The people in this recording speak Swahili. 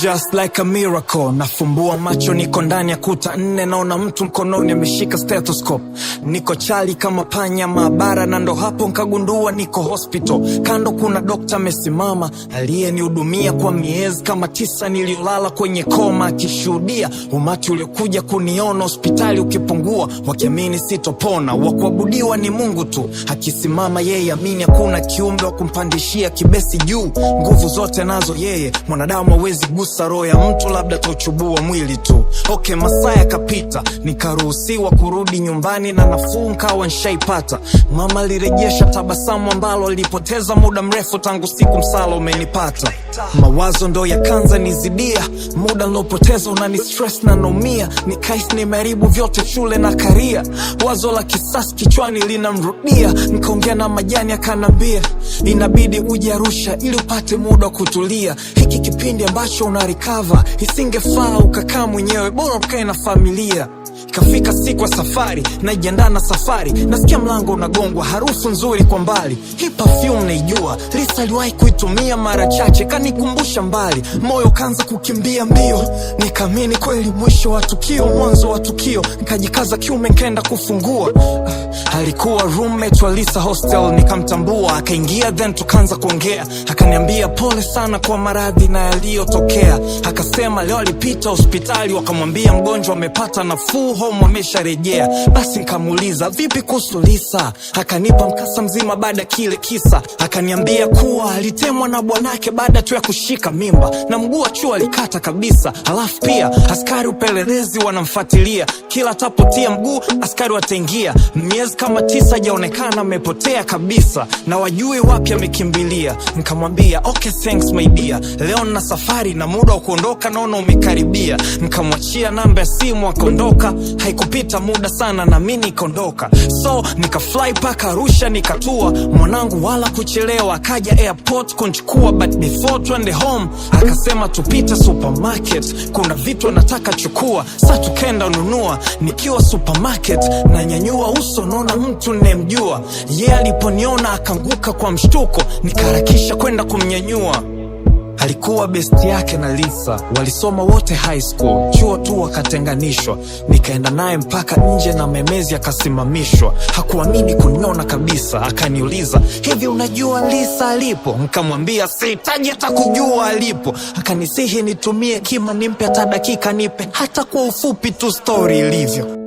Just like a miracle, nafumbua macho, niko ndani ya kuta nne, naona mtu mkononi ameshika stethoscope. Niko chali kama panya maabara, na ndo hapo nkagundua niko hospital. Kando kuna dokta amesimama, aliyenihudumia kwa miezi kama tisa niliyolala kwenye koma, akishuhudia umati uliokuja kuniona hospitali ukipungua, wakiamini sitopona. Wakuabudiwa ni Mungu tu, akisimama yeye amini, hakuna kiumbe wa kumpandishia kibesi juu nguvu zote nazo yeye. Mwanadamu hawezi gusa roho ya mtu, labda tochubua mwili tu. ok masaa yakapita, nikaruhusiwa kurudi nyumbani na nafuu nkawa nshaipata. Mama alirejesha tabasamu ambalo alipoteza muda mrefu tangu siku msala umenipata. Mawazo ndo yakanza nizidia, muda nlopoteza unani stress na nomia ni kaisi nimeharibu vyote, shule na karia. Wazo la kisasi kichwani linamrudia, nkaongea na majani akanambia, inabidi uje Arusha ili upate muda kutulia, hiki kipindi ambacho una isingefaa ukakaa mwenyewe, bora ukae na familia. Kafika siku ya safari, najiandaa na safari, nasikia mlango unagongwa, harufu nzuri kwa mbali. Hii perfume naijua, risa aliwahi kuitumia mara chache, kanikumbusha mbali. Moyo kaanza kukimbia mbio, nikaamini kweli, mwisho wa tukio, mwanzo wa tukio. nkajikaza kiume, nkaenda kufungua. Alikuwa roommate wa Lisa hostel, nikamtambua, akaingia, then tukaanza kuongea. Akaniambia pole sana kwa maradhi na yaliyotokea, akasema leo alipita hospitali, wakamwambia mgonjwa amepata nafuu home wamesharejea. Basi nkamuuliza vipi kuhusu Lisa, akanipa mkasa mzima baada kile kisa, akaniambia kuwa alitemwa na bwanake baada tu ya kushika mimba na mguu wa chuo alikata kabisa. Halafu pia askari upelelezi wanamfuatilia, kila atapotia mguu askari wataingia. Miezi kama tisa hajaonekana, amepotea kabisa na wajui wapi amekimbilia. Nkamwambia okay, thanks my dear, leo nina safari na muda wa kuondoka naona umekaribia. Nkamwachia namba ya simu akaondoka haikupita muda sana na mi nikaondoka, so nikafly paka Arusha nikatua, mwanangu wala kuchelewa, akaja airport kunchukua, but before twende home akasema tupite supermarket, kuna vitu anataka chukua. Sa tukenda nunua, nikiwa supermarket na nyanyua uso, naona mtu nemjua ye, aliponiona akanguka kwa mshtuko, nikaharakisha kwenda kumnyanyua alikuwa besti yake na Lisa, walisoma wote high school, chuo tu wakatenganishwa. Nikaenda naye mpaka nje na memezi akasimamishwa, hakuamini kuniona kabisa, akaniuliza hivi, unajua Lisa alipo? Nkamwambia sihitaji hata kujua alipo. Akanisihi nitumie kima, nimpe hata dakika, nipe hata kwa ufupi tu stori ilivyo.